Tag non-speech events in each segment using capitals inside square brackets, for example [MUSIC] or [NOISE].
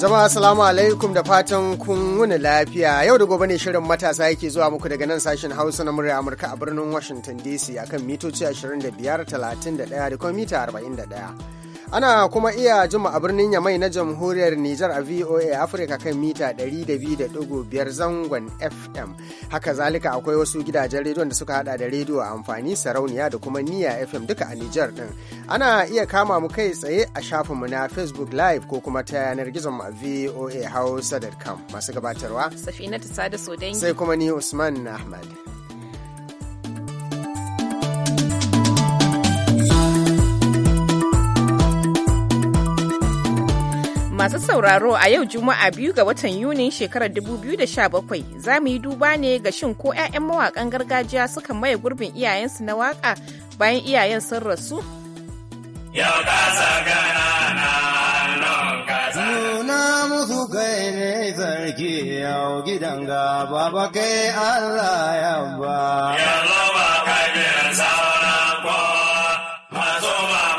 Jama'a salamu alaikum da fatan kun wuni lafiya yau da gobe ne shirin matasa yake zuwa muku daga nan sashen hausa na murya Amurka a birnin Washington DC akan mitoci 25, 31 da kuma mita 41. Ana kuma iya jima a birnin Yamai na jamhuriyar Nijar a VOA Africa kan mita 200.5 zangon FM. Haka zalika akwai wasu gidajen rediyon da suka hada da rediyo a amfani sarauniya da kuma niya FM duka a Nijar din. Ana iya kama mu kai tsaye a shafin mu na Facebook Live ko kuma ta yanar gizon mu VOA Hausa.com masu gabatarwa. Safinatu Sada Sai kuma ni Usman Ahmad. Masu sauraro a yau Juma'a biyu ga watan Yunin shekarar 2017 za mu yi duba ne ga shin ko 'ya'yan mawakan gargajiya suka maye gurbin iyayensu na waka bayan iyayen sun rasu? Yau kasa gana na Nuna musu kai ne sarki yau gidan gaba ba kai Allah ya ba. Yallah ba kai biyan sauran ko ba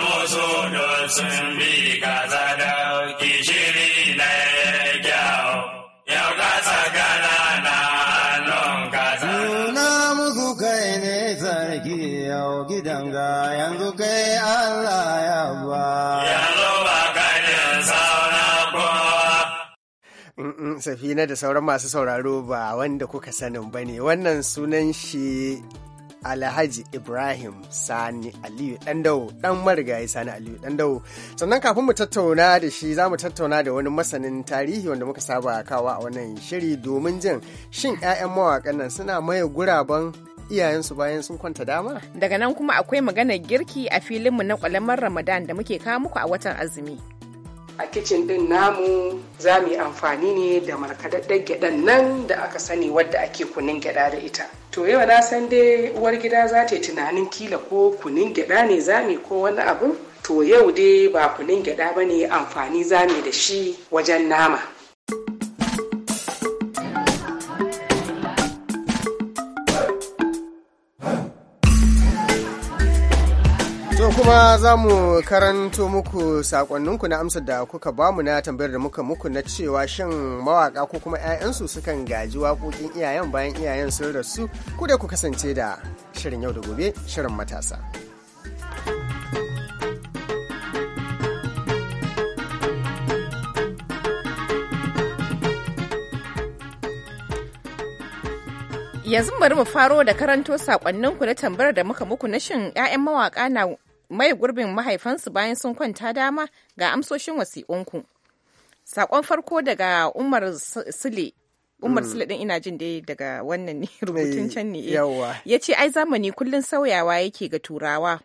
musu don sun bi. Allah Safina da sauran masu sauraro ba wanda kuka sanin ba ne, wannan sunan shi Alhaji Ibrahim Sani Aliyu dawo dan marigayi Sani Aliyu dawo sannan kafin mu tattauna da shi za mu tattauna da wani masanin tarihi wanda muka saba kawa a wannan shiri domin jin shin 'ya'yan mawaƙan nan suna maye guraben iyayensu bayan sun kwanta dama. Daga nan kuma akwai maganar girki a filinmu na kwalamar Ramadan da muke kawo muku a watan azumi. A kicin din namu za mu yi amfani ne da markaɗaɗɗen gyaɗan nan da aka sani wadda ake kunin gyaɗa da ita. To yau na san dai uwar gida za ta yi tunanin kila ko kunin gyaɗa ne za mu ko wani abu. To yau dai ba kunin gyaɗa ba ne amfani za mu da shi wajen nama. kuma za mu karanto muku sakonninku na amsar da kuka bamu na tambayar da muka muku na cewa shan mawaka ko kuma 'ya'yansu sukan gaji waƙoƙin iyayen bayan iyayen sun rasu ku da ku kasance da shirin yau da gobe shirin matasa. yanzu bari mu faro da karanto sakonninku na tambayar da muka muku na shin 'ya'yan mawaka na mai gurbin mahaifansu bayan sun kwanta dama ga amsoshin wasiƙunku. Saƙon farko daga Umar Sule Umar mm. Sule ɗin ina jin dai daga wannan ne [LAUGHS] rubutun can ne. Eh. Ya ce ai zamani kullum sauyawa yake ga turawa.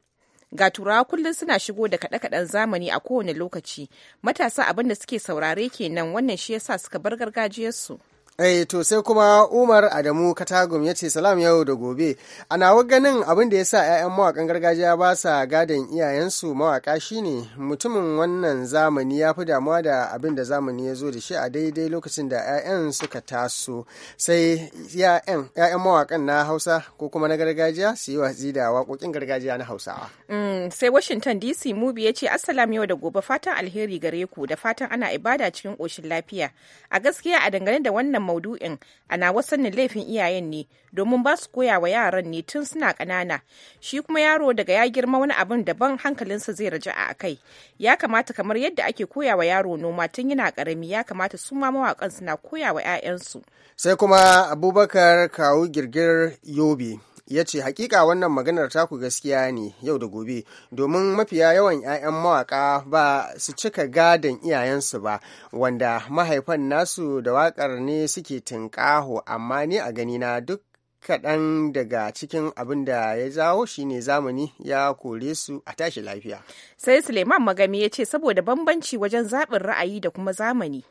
Ga turawa kullum suna shigo da kaɗe-kaɗen zamani a kowane lokaci. Matasa abinda suke saurare kenan wannan shi yasa suka bar gargajiyarsu. Eh to sai kuma Umar Adamu Katagum ya ce salam yau da gobe. A nawa ganin abin da ya sa 'ya'yan mawakan gargajiya ba sa gadon iyayensu mawaka shine mutumin wannan zamani ya fi damuwa da abin da zamani ya zo da shi a daidai lokacin da 'ya'yan suka taso. Sai 'ya'yan mawakan na Hausa ko kuma na gargajiya su yi watsi da waƙoƙin gargajiya na Hausawa. Mm, sai Washington DC Mubi ya ce Assalam yau da gobe fatan alheri gare ku da fatan ana ibada cikin ƙoshin lafiya. A gaskiya a dangane da wannan maudu'in a wasan ne laifin iyayen ne domin ba su koya wa yaran ne tun suna ƙanana shi kuma yaro daga ya girma wani abin daban hankalinsa zai raja a kai ya kamata kamar yadda ake koya wa yaro noma tun yana ƙarami ya kamata su ma mawaƙan suna koya wa 'ya'yansu sai kuma abubakar kawo girgir yobe ya ce hakika wannan maganar taku gaskiya ne yau da gobe domin mafiya yawan 'ya'yan mawaka ba su cika gadon iyayensu ba wanda mahaifan nasu da wakar ne suke tinkaho amma ni a ganina duk kaɗan daga cikin abin da ya jawo shine zamani ya kore su a tashi lafiya. Sai Suleiman Magami ya ce saboda bambanci wajen zaɓin ra'ayi da kuma zamani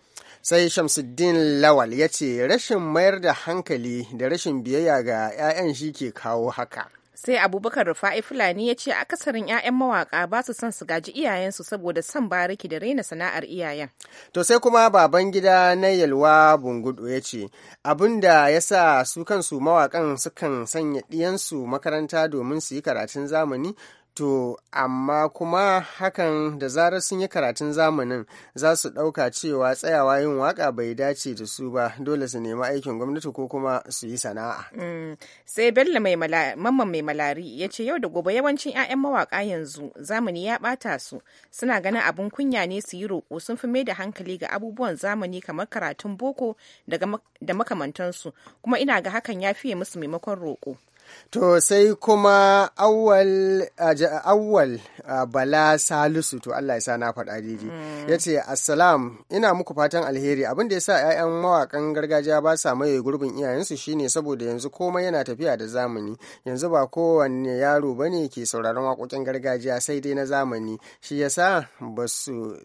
sai shamsuddin lawal ya ce rashin mayar da hankali da rashin biyayya ga 'ya'yan shi ke kawo haka sai abubakar rufa'i fulani ya ce akasarin 'ya'yan mawaka ba su son su gaji iyayensu saboda son bariki da raina sana'ar iyayen to sai kuma baban gida na yalwa bungudu ya ce abin da ya sa su kansu mawakan sukan sanya ɗiyansu makaranta domin su yi karatun zamani to amma kuma hakan da zarar sun yi karatun zamanin za su ɗauka cewa tsayawa yin waka bai dace da su ba dole su nemi aikin gwamnati ko kuma su yi sana'a mm, sai bello mamman mai malari ya ce yau da gobe yawancin 'ya'yan mawaƙa yanzu zamani ya ɓata su suna ganin abin kunya ne su yi roƙo sun fi mai da hankali ga abubuwan zamani kamar karatun boko da makamantansu kuma ina ga hakan ya fiye musu maimakon roƙo To sai kuma awwal awwal bala salisu to Allah ya sa na faɗa daidai. Mm. Ya ce assalam ina muku fatan alheri abin da ya sa 'ya'yan mawakan gargajiya ba sa maye gurbin iyayensu shine saboda yanzu komai yana tafiya da zamani yanzu ba kowane yaro ba ne ke sauraron waƙoƙin gargajiya sai dai na zamani shi ya sa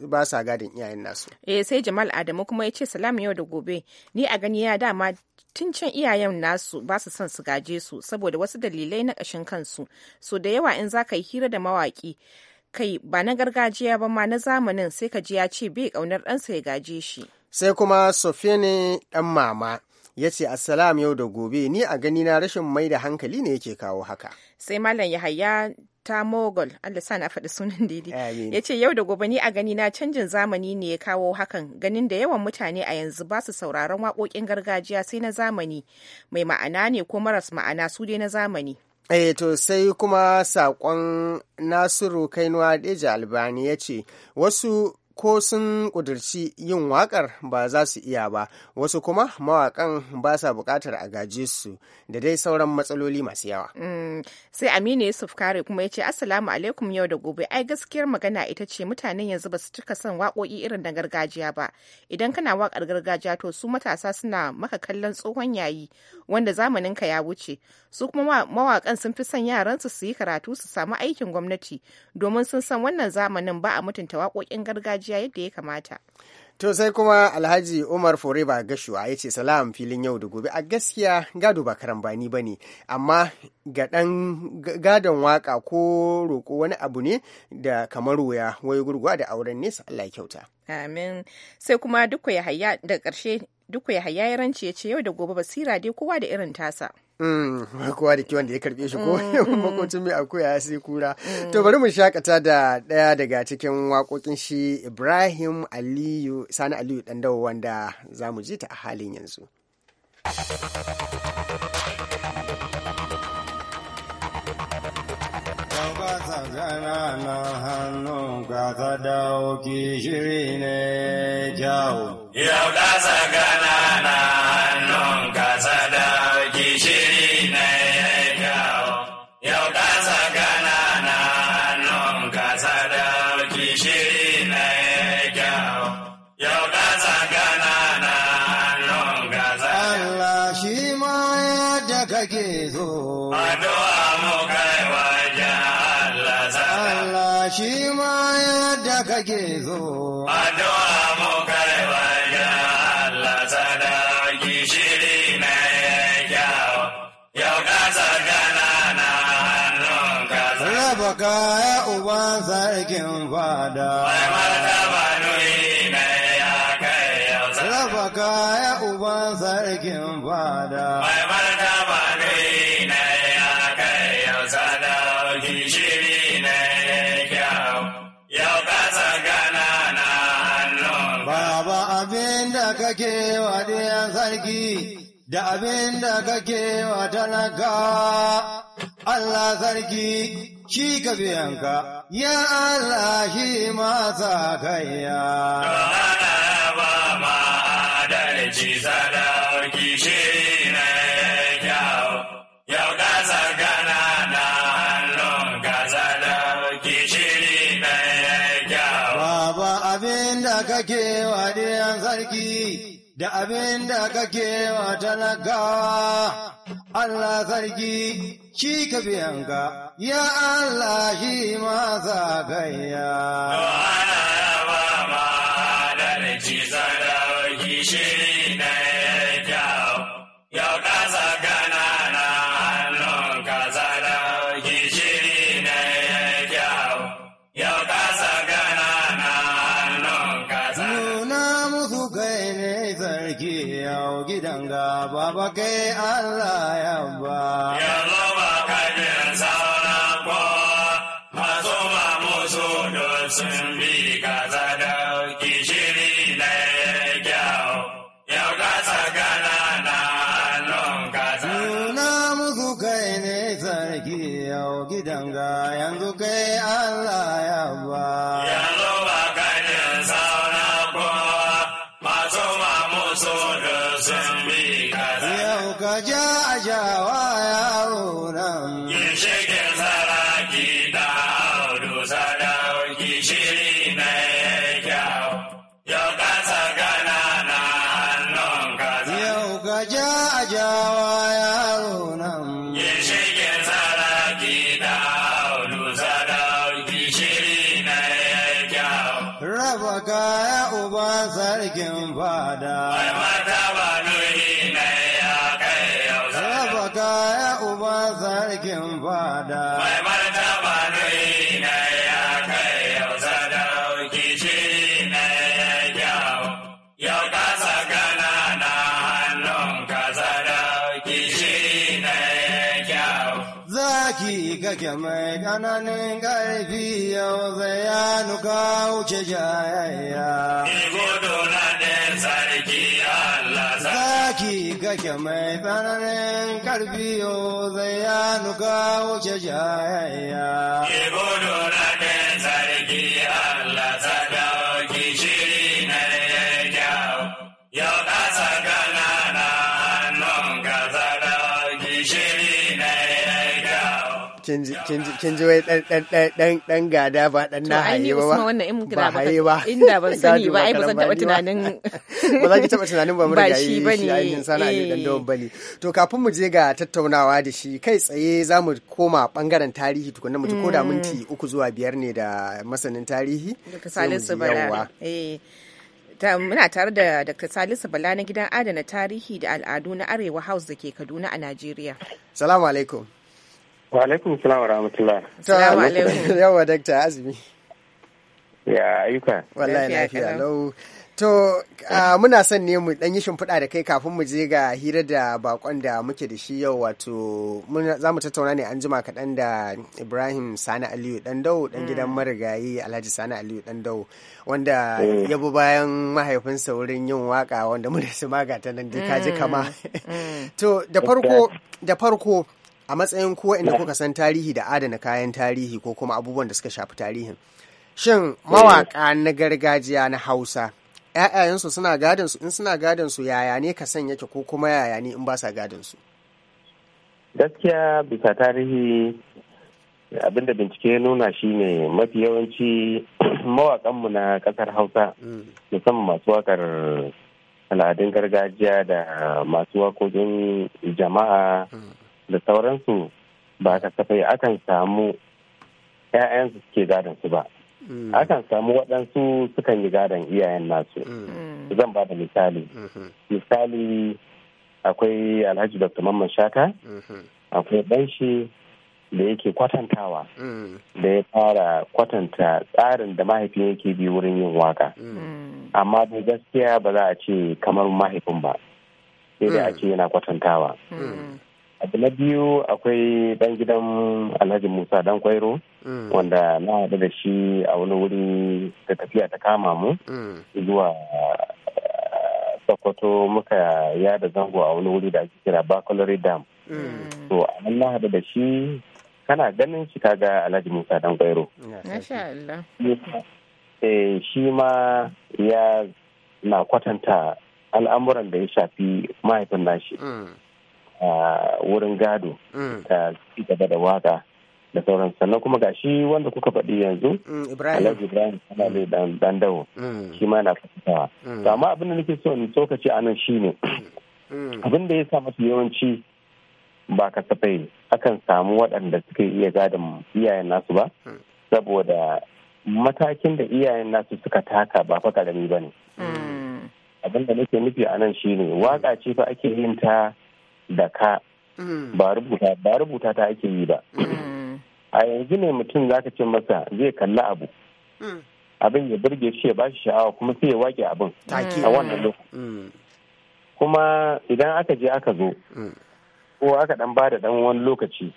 ba sa gadin iyayen nasu. Eh sai Jamal Adamu kuma ya ce salam yau da gobe ni a gani ya dama tun can iyayen nasu ba su son su gaje su saboda wasu dalilai na ƙashin kansu so da yawa in za ka yi hira da mawaƙi kai ba na gargajiya ba ma na zamanin sai ka ji ya ce bai ƙaunar ɗansa ya gaje shi sai kuma sofini ɗan mama ya ce assalam yau da gobe ni a gani na rashin mai da hankali ne yake kawo haka sai malam yahaya ta mogol allah sa na faɗi sunan daidai ya ce yau da gobe ni a gani na canjin zamani ne ya kawo hakan ganin da yawan mutane a yanzu ba su sauraron waƙoƙin gargajiya sai na zamani mai ma'ana ne ko maras ma'ana su dai na zamani Eh, to sai kuma saƙon Nasiru Kainuwa Deja Albani ya ce, Wasu ko sun ƙudirci yin waƙar ba za su iya ba wasu kuma mawaƙan ba sa bukatar a gaje su da dai sauran matsaloli masu yawa. Mm, sai aminu yusuf kare kuma ya ce assalamu alaikum yau da gobe ai gaskiyar magana ita ce mutanen yanzu ba su cika son waƙoƙi irin na gargajiya ba idan kana wakar gargajiya to su matasa suna maka kallon tsohon yayi wanda zamanin ka ya wuce su kuma mawaƙan sun fi son yaran su su yi karatu su samu aikin gwamnati domin sun san wannan zamanin ba a mutunta waƙoƙin gargajiya gargajiya yadda ya kamata. To sai kuma Alhaji Umar Foreba Gashuwa ya ce salam filin yau da gobe a gaskiya gado ba karambani ba ne amma ga ɗan gadon waka ko roƙo wani abu ne da kamar wuya wai gurguwa da auren nesa Allah ya kyauta. Amin sai kuma duk ya haya da ƙarshe duk ya haya ya rance ya ce yau da gobe basira dai kowa da irin tasa. Mm, kowa da kiwon da ya karbe shi ko mm, mm. [LAUGHS] makocin mai akuya ya sai kura to bari mu shakata da daya daga cikin waƙoƙin shi ibrahim aliyu sani aliyu dandawo wanda za mu ji ta a halin yanzu hannun ka ta shiri ne jawo yau na take so. Addu'a mu kai wajen Allah shi ma yadda kake so. Addu'a mu kai wajen Allah sada gishiri na yawa. Yau ka tsakana na hannunka. Raba kaya uban sarkin fada. Mai martaba nuni na ya kai yau. Raba kaya uban sarkin fada. ki da abin da kake wa talaka, Allah sarki shi ka biyanka, ya Allah shi masa kaiya. da abin da kake wa talakawa, Allah sarki shi ka biyanka, ya Allah shi ya. gayya. Ana ba ma da ci sadauki shi gaba kai Allah ya ba. Ya ba ka jin sauran kowa, masu ba musu don sun bi. sarkin fada. kake mai ƙananin ƙarfi yau zai ya nuka wuce jayayya. kake mai tsananin karbiyo oh, yau zai nuka wuce jayayya. Ibo kin ji wai dan gada ba dan na haye ba ba haye ba inda ban sani ba ai ba zan taba tunanin [LAUGHS] ba za ki taba tunanin ba mura gayi shi ainihin sana ali eh. dan dawon bali to kafin mu je ga tattaunawa da shi kai tsaye za mu koma bangaren tarihi tukunna mu ko da mm. minti uku zuwa biyar ne da masanin tarihi Salisu Barara eh. muna tare da Dr. Salisu Bala na gidan adana tarihi da al'adu na Arewa House da ke Kaduna a Najeriya. Salamu alaikum. Wa alaikum salam wa rahmatullah. Salamu alaikum. Yawa dakta azumi. Ya ayyuka. Wallahi lafiya lau. To muna son ne mu ɗan yi shimfiɗa da kai kafin mu je ga hira da bakon da muke da shi yau wato za mu tattauna ne an jima kaɗan da Ibrahim Sani Aliyu dau ɗan gidan mm. marigayi Alhaji Sani Aliyu dau wanda mm. ya bi bayan mahaifinsa wurin yin waka wanda [LAUGHS] mu da su magata nan dai kaji mm. kama. [LAUGHS] To da farko a matsayin ko inda kuka san tarihi da adana kayan tarihi ko kuma abubuwan da suka shafi tarihin shin mawaka na gargajiya na hausa 'ya'yansu suna gadon in suna gadansu yaya ne ka sanya yake ko kuma yaya ne in ba sa gadon gaskiya bisa tarihi abin da bincike nuna shine mafi yawanci [CLEARS THROAT] mawakanmu na kasar hausa mm. musamman masu wakar al'adun gargajiya da masu wakokin jama'a mm. da sauransu ba kafai akan samu 'ya'yansu suke gadon su ba mm. akan samu waɗansu sukan yi gadon iyayen nasu mm. zan ba da misali mm-hmm. misali akwai alhaji dr mamman shaka mm-hmm. akwai ɗanshi da yake kwatantawa mm. da ya fara kwatanta tsarin da mahaifin yake bi wurin yin waka amma da gaskiya ba za a ce kamar mahaifin ba sai da a ce yana kwatantawa abu na biyu akwai dan gidan alhaji musa dan kwairo mm. wanda na haɗu da shi a wani wuri da tafiya ta kama mu mm. zuwa eh, sokoto muka yada zango a wani wuri da ake kira bakalore dam mm. to a na haɗu da shi kana ganin shi kaga alhaji musa dan kwairo eh, shi ma ya na kwatanta al'amuran da ya shafi mahaifin nashi A wurin gado ta mm. ci gaba da waka da sauran sannan kuma ga shi wanda kuka faɗi yanzu mm, alhaji ibrahim ana zai dan dawo mm. shi ma na fasitawa to amma abin da nake so in tsokaci a nan shi ne [COUGHS] abin da ya sa masu yawanci ba kasafai akan samu waɗanda suka iya gadon iyayen nasu ba saboda matakin da iyayen nasu suka taka ba fa karami ba ne abin da nake nufi a nan shi ne waƙa ce fa ake yin ta da ka mm. ba rubuta ba rubuta ta ake yi ba mm. a yanzu ne mutum za ka ce masa zai kalla abu mm. abin ya burge shi ya bashi sha'awa kuma sai ya wake abin a wannan lokacin kuma idan aka je aka zo ko aka dan ba da dan wani lokaci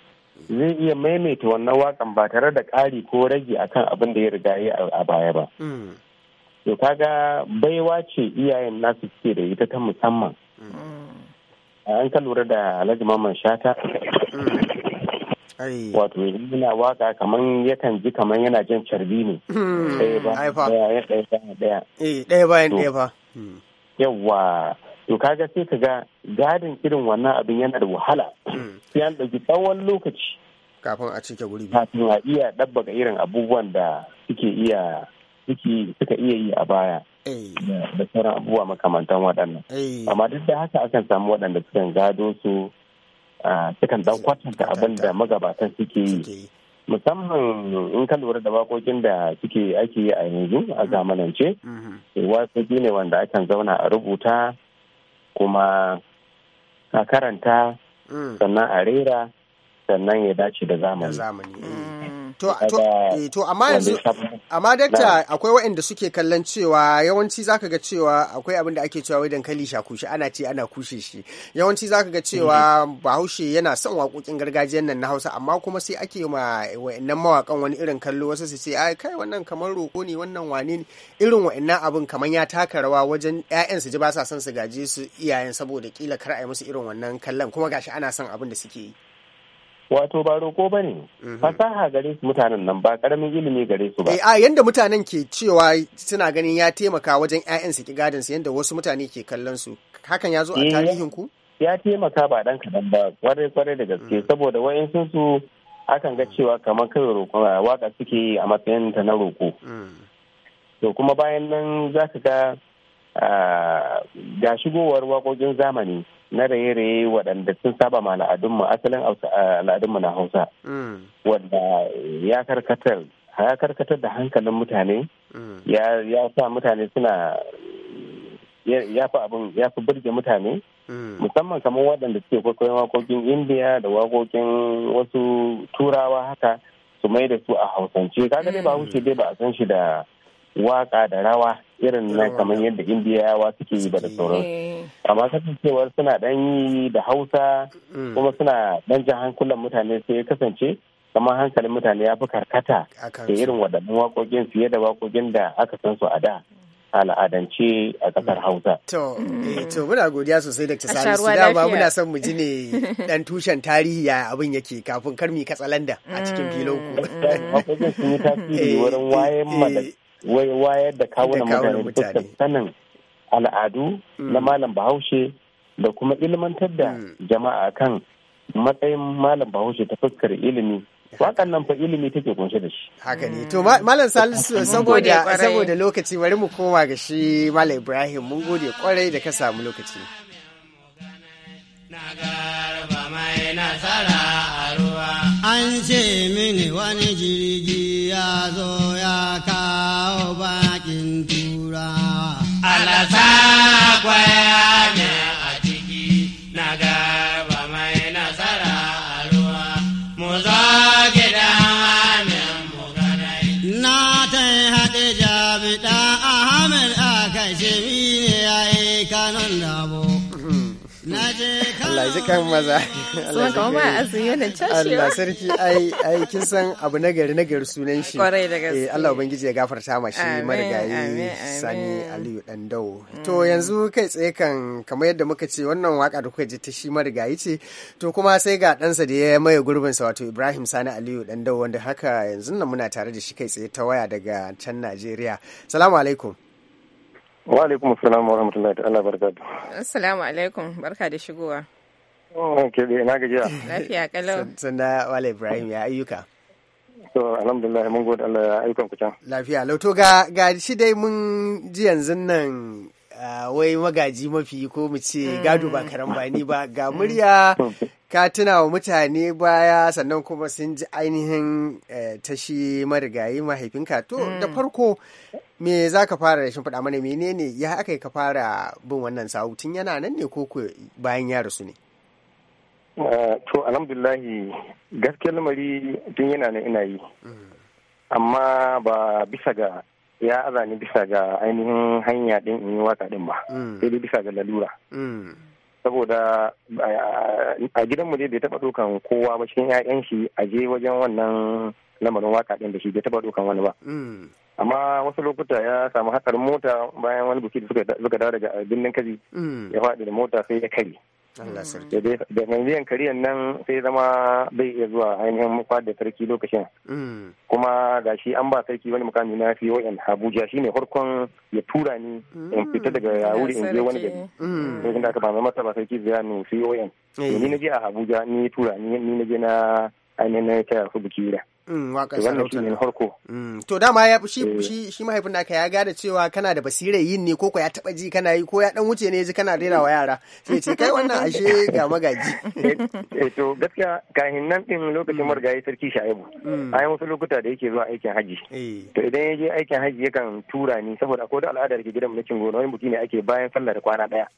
zai iya maimaita wannan wakan ba tare da ƙari ko rage akan abin da ya riga yi a baya ba to kaga baiwa ce iyayen nasu suke da ita ta musamman an ka lura da alhaji maman shata wato yana waka kaman yakan ji kaman yana jan carbi ne hmm. ɗaya ɗaya ɗaya eh, bayan ɗaya ba hmm. yawa to kaga sai ka ga gadin irin wannan abin yana da wahala hmm. sai an ɗauki tsawon lokaci kafin a cike guri kafin a iya ɗabbaka irin abubuwan da suke suka iya yi a baya Eh. da sauran abubuwa makamantan waɗannan eh. amma duk da haka akan samu waɗanda sukan gado su sukan dan kwatanta abin da magabatan suke yi musamman in ka lura da waƙoƙin da suke ake yi a yanzu a mm-hmm. zamanance mm-hmm. Eh, waƙoƙi ne wanda akan zauna a rubuta kuma a karanta mm. sannan a rera sannan ya dace da zamani Eh, to, amma yanzu, dakta akwai waɗanda suke kallon cewa yawanci zaka ga cewa akwai abin da ake cewa wai dankali shakushe ana ce ana kushe shi. Yawanci zaka ga cewa mm-hmm. Bahaushe yana son waƙoƙin gargajiyan nan na Hausa amma kuma sai ake ma waɗannan mawaƙan wani irin kallo wasu su ce ai kai wannan kamar roko ne wannan wane ne irin waɗannan abin kamar ya taka rawa wajen ƴaƴan su ji ba sa son su gaje su iyayen saboda kila kar a yi musu irin wannan kallon kuma gashi ana son abin da suke yi. wato ba roƙo ba ne mhm. fasaha gare su mutanen nan ba ƙaramin ilimi gare su ba eh, a yanda mutanen ke cewa suna ganin ya taimaka wajen 'ya'yan ki gadon su yanda wasu mutane ke kallon su hakan ya zo a eh, tarihin ku ya taimaka ba dan kaɗan ba kwarai kwarai da gaske mm. saboda wa'insu su akan ga mm. cewa kamar kai roƙo waka suke a matsayin ta na roƙo mm. to kuma bayan nan za ka ga Ah, ga shigowar waƙoƙin zamani na raye-raye waɗanda sun saba ma al'adunmu asalin ah, al'adunmu na hausa mm. wanda ya karkatar ya karkatar da hankalin mutane mm. ya sa mutane suna ya fi abin ya fi burge mutane mm. musamman kamar waɗanda suke kwaikwayon waƙoƙin indiya da waƙoƙin wasu turawa haka su mai da su a hausance kaga dai ba wuce dai ba a san shi da waƙa da rawa irin na kamar yadda indiyawa suke yi ba da sauran amma kasancewa suna dan yi da hausa mm. kuma suna dan jan hankulan mutane sai ya kasance kamar hankalin mutane ya fi karkata da irin waɗannan waƙoƙin fiye da waƙoƙin da aka san su a da al'adance a ƙasar mm. Hausa. To, eh, to muna godiya sosai da Tisani su ba muna son mu ji ne dan [LAUGHS] tushen tarihi ya abin yake kafin karmi katsalanda a cikin filon ku. Mm. [LAUGHS] Waƙoƙin sun yi tasiri wurin wayan eh, wayar da kawunan mutane da sanin al'adu mm. na malam bahaushe da kuma ilmantar da mm. jama'a kan matsayin malam bahaushe ta fuskar ilimi wakan nan fa ilimi take kunshe da shi haka ne mm. to malam salisu saboda saboda lokaci bari mu koma ga shi malam ibrahim mun gode kwarai da ka samu lokaci an ce mini wani jirgi ya zo ya ka quê ji kan maza. Sun kawo ma azumi wannan cashewa. Allah sarki ai kin san abu na gari na gari sunan shi. Kwarai da gaske. Eh, Allah ubangiji ya gafarta ma shi marigayi Sani Aliyu Dandau. Mm. To yanzu kai tsaye kan kamar yadda muka ce wannan waka da kuka ji ta shi marigayi ce to kuma sai ga ɗansa da ya maye gurbin sa wato Ibrahim Sani Aliyu Dandau wanda haka yanzu nan muna tare da shi kai tsaye ta waya daga can Najeriya. Salamu alaikum. wa alaikum assalam wa rahmatullahi ta'ala barkatu assalamu alaikum barka da shigowa Oh, ke da na gajiya. Lafiya kalau. Sanda Wale Ibrahim ya ayyuka. To alhamdulillah mun gode Allah ya ayyukan ku can. Lafiya lauto ga ga shi dai mun ji yanzu nan wai magaji mafi ko mu ce gado ba karambani ba ga murya ka tuna wa mutane baya sannan kuma sun ji ainihin eh, tashi marigayi mahaifinka to hmm. da farko me za ka fara da fada mana menene ya aka ka fara bin wannan sautin yana nan ne ko bayan ya rasu ne Eh, to alhamdulahi gaskiyar lamari tun yana na ina yi amma ba bisa ga ya aza bisa ga ainihin hanya din in yi waka din ba mm. sai dai bisa ga lalura mm. saboda a gidanmu dai bai taba dukan kowa ba cikin ƴaƴan shi a je wajen wannan lamarin waka din da shi bai taba dukan wani ba mm. amma wasu lokuta ya samu hatsarin mota bayan wani buki da suka dawo daga birnin kaji ya faɗi da mota sai ya kare Mm. da mai biyan kariyan nan sai zama bai iya zuwa ainihin mukwa da sarki lokacin mm. kuma ga shi an ba sarki wani mukami na fi wa'in abuja shi ne farkon ya tura ni in mm. fita daga wuri in je wani gari sai da aka ba masa ba sarki zai ni fi wa'in eh. ni na je a abuja ni tura ni na je na ainihin na taya su biki da Mm, waƙar sarauta ne farko mm, to dama ya shi eh. shi shi mahaifin naka ya gane cewa kana da basira yin ne ko ya taba ji kana yi ko ya dan wuce ne ji kana rera wa yara sai ce kai wannan ashe ga magaji [LAUGHS] eh, eh to gaskiya kahin nan din lokacin mm. margayi sarki shaibu yi wasu lokuta da yake zuwa aikin haji eh. to idan ya je aikin haji yakan tura ni saboda ko da al'adar ke gidan mulkin gona wani buki ne ake bayan sallar kwana daya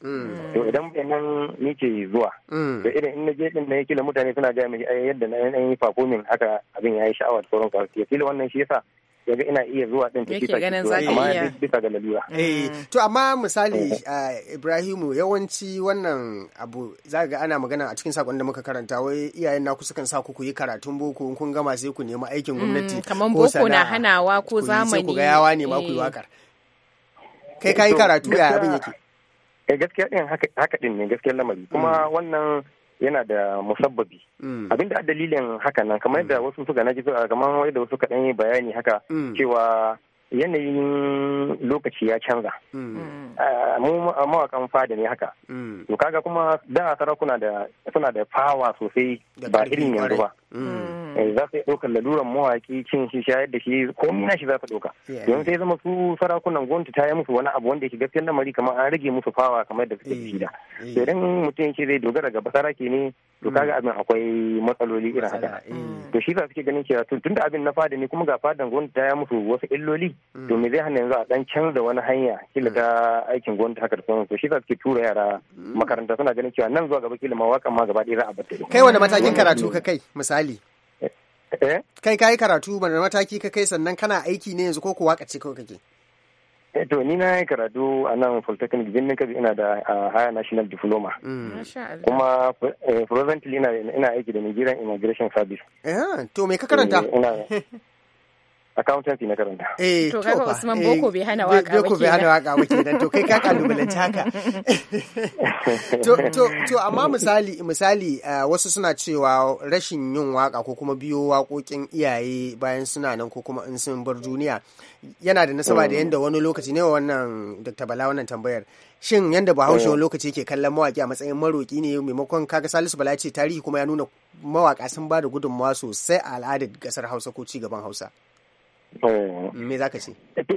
to idan nan ni ke zuwa to idan in na je din na yake mutane suna ga mai yadda na yi fakomin haka abin ya yi sha'awar tsoron sauran kwanaki kila wannan shi yasa yaga ina iya zuwa din tafi ta ganin amma iya bisa ga lalura eh mm. to amma misali eh. Ibrahimu yawanci wannan abu za ga ana magana a cikin sakon da muka karanta wai iyayen naku sukan sa ku yi karatun boko in kun gama sai ku nemi aikin mm, gwamnati kamar boko na hanawa ko zamani ku ga yawa ne ma ku yi eh. wakar kai kai karatu ya abin yake eh gaskiya din haka haka din ne gaskiya lamari kuma mm. wannan yana da musabbabi mm. abinda a dalilin haka nan kamar yadda mm. wasu suka naji ah, kamar yadda wasu kaɗan yi bayani haka mm. cewa yanayin lokaci ya canza ah, mu mawakan fada ne haka to kaga kuma da sarakuna da suna da fawa sosai ba irin yanzu ba Eh, za su iya ɗaukar laluran mawaƙi cin shi shayar da shi komi na shi za su ɗauka don sai zama su sarakunan gwamnati ta yi musu wani abu wanda yake gaskiyar lamari kamar an rage musu fawa kamar yadda suke shi da idan mutum yake zai dogara ga basarake ne to kaga mm. abin akwai matsaloli irin haka eh. mm. to shi sa suke ganin cewa to da abin na fada ne kuma ga fadan gwamnati ta yi musu wasu illoli to mm. me zai hana yanzu a dan canza wani hanya kila ta aikin gwamnati haka da sauran to shi sa suke tura yara makaranta suna ganin cewa nan zuwa gaba kila ma ma gaba ɗaya za a bar kai wani matakin karatu ka kai misali Eh? Kai ka yi karatu ban mataki ka kai sannan kana aiki ne yanzu ko kuwa ka ce kawai kake? Eh, to ni na yi karatu a nan Polytechnic Birnin Kabi ina da Higher National Diploma. Mm. Kuma eh, presently ina aiki da Nigerian Immigration Service. Eh to me ka karanta? [LAUGHS] accountancy na karanta. Eh, to kaga Usman Boko bai hana eh, waka ba. Boko bai hana waka ba kenan to kai ka kalubalanci haka. [LAUGHS] to to amma misali misali uh, wasu suna cewa rashin yin waka ko kuma biyo wakokin iyaye bayan suna nan ko kuma in sun bar duniya yana da nasaba da mm. yanda wani lokaci ne wannan Dr. Bala wannan tambayar. Shin yanda Bahaushe mm. wani lokaci ke kallon mawaki a matsayin maroki ne maimakon kaga Salisu Bala ce tarihi kuma ya nuna mawaka sun ba da gudunmawa sosai a al'adar gasar Hausa ko ci gaban Hausa. me za ka ce eto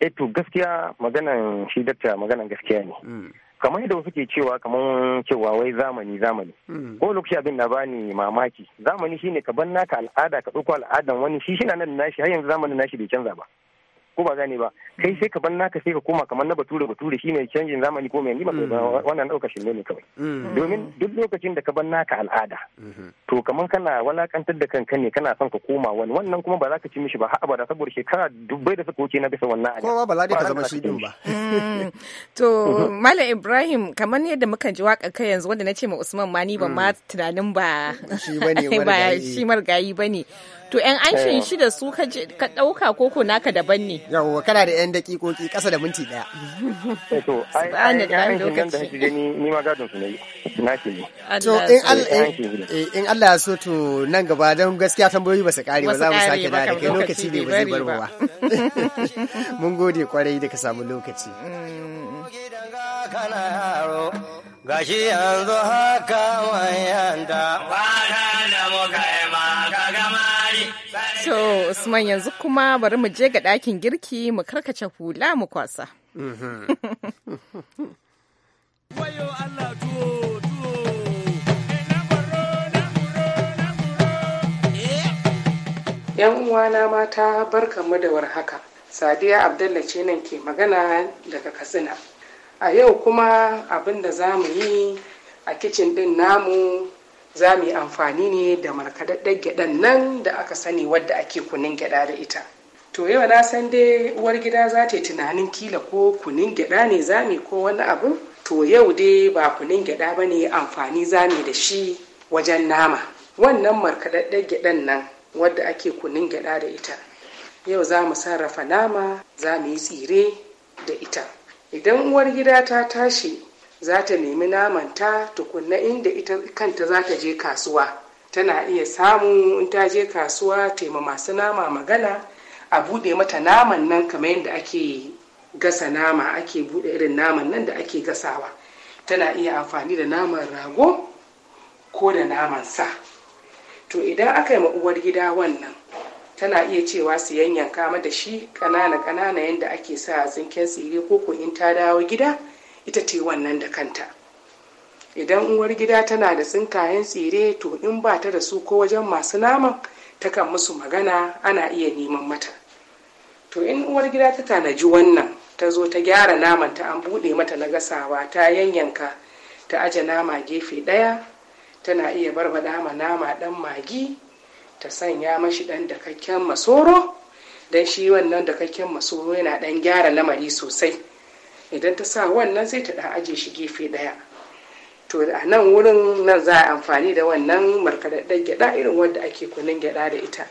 eh, eh, gaskiya maganan shi dakta maganan gaskiya ne mm. kamar yadda wasu ke cewa kamar cewa wai zamani zamani mm. ko lokaci abin na bani mamaki zamani shine ka bar naka al'ada ka ɗauko al'adan wani shi shi nan nashi har yanzu zamanin nashi bai canza ba ko ba gane ba kai sai ka bar naka sai ka koma kamar na bature bature shine canjin zamani ko mai nima mm. wannan dauka ne kawai mm. domin duk lokacin da ka bar naka al'ada mm-hmm. to kamar kana walakantar da kanka ne kana son ka koma wani wannan kuma ba za ka ci mishi ba har abada saboda shekara dubbai da suka wuce na bisa wannan ko ba ladi ka zama shi din ba mm. to mm-hmm. malam ibrahim kamar yadda muka ji waka kai yanzu wanda nace ma usman mani ni ban ma tunanin ba shi bane [LAUGHS] shi margayi bane to yan eh. shi da su ka ɗauka koko naka daban ne yawwa kana da yan dakikoki ƙasa da minti ɗaya eh, to in Allah ya so to nan gaba don gaskiya tambayoyi ba su kare ba za mu sake da kai lokaci ne ba zai bar ba [LAUGHS] mun gode kwarai da ka samu lokaci gashi yanzu haka wayanda To Usman yanzu kuma bari mu je ga ɗakin girki mu karkace hula mu kwasa. yan uwa na Yan uwana mata barkamu da warhaka. Sadiya Abdalla ce nan ke magana daga Katsina. A yau kuma abin da za mu yi a kicin din namu za mu yi amfani ne da markaɗaɗɗen gyaɗan nan da aka sani wadda ake kunin gyaɗa da ita to yau na san dai uwar gida za ta yi tunanin kila ko kunin gyaɗa ne za mu ko wani abu to yau dai ba kunin gyaɗa ba ne amfani za mu da shi wajen nama wannan markaɗaɗɗen gyaɗan nan wadda ake kunin gyaɗa da ita yau za mu sarrafa nama za mu yi tsire da ita idan uwar gida ta tashi za ta nemi namanta tukunna inda ita kanta za ta je kasuwa tana iya samu in ta je kasuwa taima masu nama magana a buɗe mata naman nan kamar yadda ake gasa nama ake buɗe irin naman nan da ake gasawa tana iya amfani da naman rago ko da naman sa to idan aka yi ma uwar gida wannan tana iya cewa su yanyanka mata shi ƙanana ƙanana yadda ake sa a tsinken tsire ko in ta dawo gida ita ce wannan da kanta idan uwar gida tana da tsinkayen tsire to in ba ta da su ko wajen masu naman kan musu magana ana iya neman mata to in uwar gida ta tanaji wannan ta zo ta gyara naman ta an buɗe mata na gasawa ta yanyanka ta aje nama gefe ɗaya tana iya barbaɗa ma nama ɗan magi ta sanya mashi ɗan dakakken masoro don shi wannan dakakken masoro yana ɗan gyara lamari sosai idan ta sa wannan sai ta ɗan aje shi gefe ɗaya to a nan wurin nan za a amfani da wannan markaɗaɗɗen gyaɗa irin wadda ake kunun gyaɗa da ita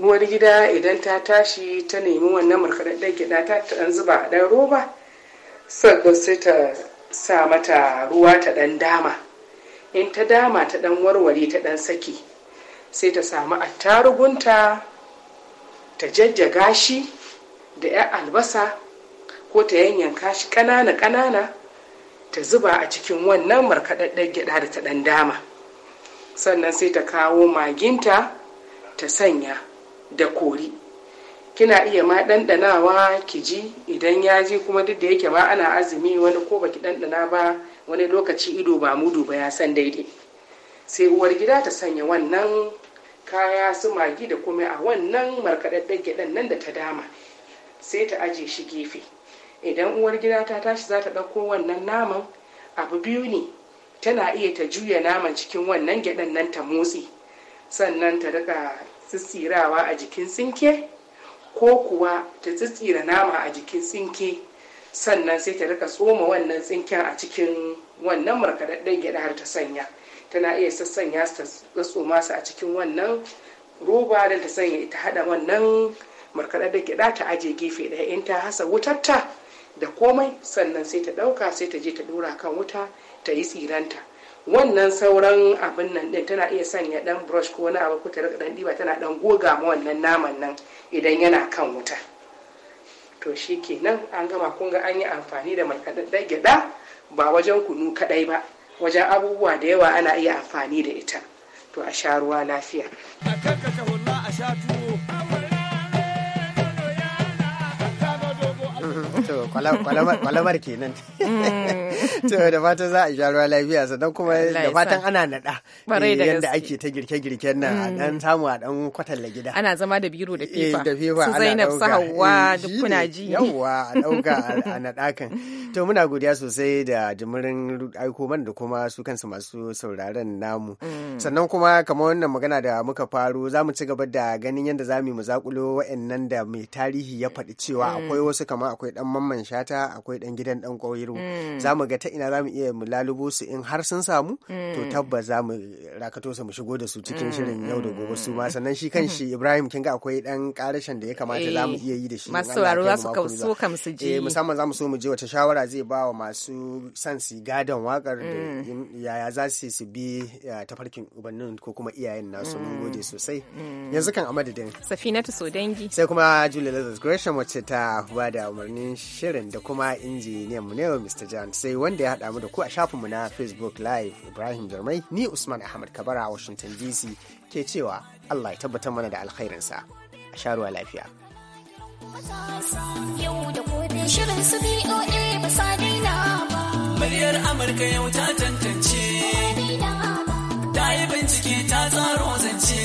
ruwar gida idan ta tashi ta nemi wannan markaɗaɗɗen gyaɗa ta ɗan zuba a ɗan roba sannan sai ta sa mata ruwa ta ɗan dama in ta dama ta ɗan warware ta ɗan saki sai ta samu attarugunta ta jajjaga shi da 'yan albasa ko ta yanyanka shi kanana-kanana ta zuba a cikin wannan markaɗaɗɗen gyaɗa da ta ɗan dama sannan sai ta kawo maginta ta sanya da kori kina iya ma ɗanɗanawa ki ji idan ya ji kuma duk da yake ma ana azumi wani ko baki ɗanɗana ba wani lokaci ido ba mudu ba ya san daidai sai uwar gida ta sanya wannan kaya su magi da kuma a wannan markaɗaɗɗen gyaɗan nan da ta dama sai ta aje shi gefe idan uwar gida ta tashi za ta ɗauko wannan naman abu biyu ne tana iya ta juya naman cikin wannan gyaɗan nan ta motsi sannan ta rika tsitsirawa a jikin tsinke ko kuwa ta tsitsira nama a jikin tsinke sannan sai ta rika tsoma wannan tsinken a cikin wannan markaɗaɗɗen gyaɗa har ta sanya tana iya sassanya su ta tsoma su a cikin wannan roba don ta sanya ita haɗa wannan markaɗaɗɗen gyaɗa ta ajiye gefe ɗaya in ta hasa wutarta da komai sannan sai ta ɗauka sai ta je ta ɗora kan wuta ta yi tsiranta wannan sauran abin nan ɗin tana iya sanya ɗan brush ko wani abu ko ta rika ɗan ɗiba tana ɗan goga ma wannan naman nan idan yana kan wuta to shi kenan an gama kun ga an yi amfani da mai gyaɗa ba wajen kunu kaɗai ba wajen abubuwa da yawa ana iya amfani da ita to a sha ruwa lafiya a to kwalamar kenan mm. [LAUGHS] to da fatan za a sha ruwa lafiya sannan kuma da fatan ana nada eh, yadda ake ta girke-girken nan a dan mm. samu a dan kwatalla gida ana zama da biro da eh, fifa da fefa su Zainab sahawa eh, duk kuna ji yawa a dauka [LAUGHS] a nada kan to muna godiya sosai da jimirin aiko man da kuma su kansu masu sauraron namu mm. sannan kuma kamar wannan magana da muka faro za mu ci gaba da ganin yadda za mu zakulo wa'annan da mai tarihi ya faɗi cewa mm. akwai wasu kamar akwai dan mamman shata akwai dan gidan dan kwairo za mu ga ga ta ina za mu iya mu lalubo su in har sun samu to mm. tabbas za mu rakato su mu shigo da su cikin mm, shirin yau da gobe mm, su ma sannan shi kan shi Ibrahim kin ga akwai dan karashin da ya kamata za mu eh, iya yi da shi masu waro za su kauso kam su je eh, musamman za mu so mu je wata shawara zai ba wa masu san su gadon wakar yaya za su su bi tafarkin ubannin ko kuma iyayen nasu mun gode sosai yanzu kan a madadin safinatu sodangi sai kuma julie lazarus gresham wacce ta ba da umarnin shirin da kuma injiniyan mu ne mr john sai wanda ya haɗa mu da ku a shafinmu na Facebook Live Ibrahim Jarmai ni Usman Ahmad Kabara a Washington DC ke cewa Allah ya tabbatar mana da alkhairinsa. A sharuwa lafiya. Yau da shirin sa Muryar Amurka yau ta tantance. Ta yi bincike ta tsaro zance.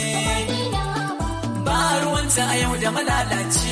Ba ruwanta a yau da malalace.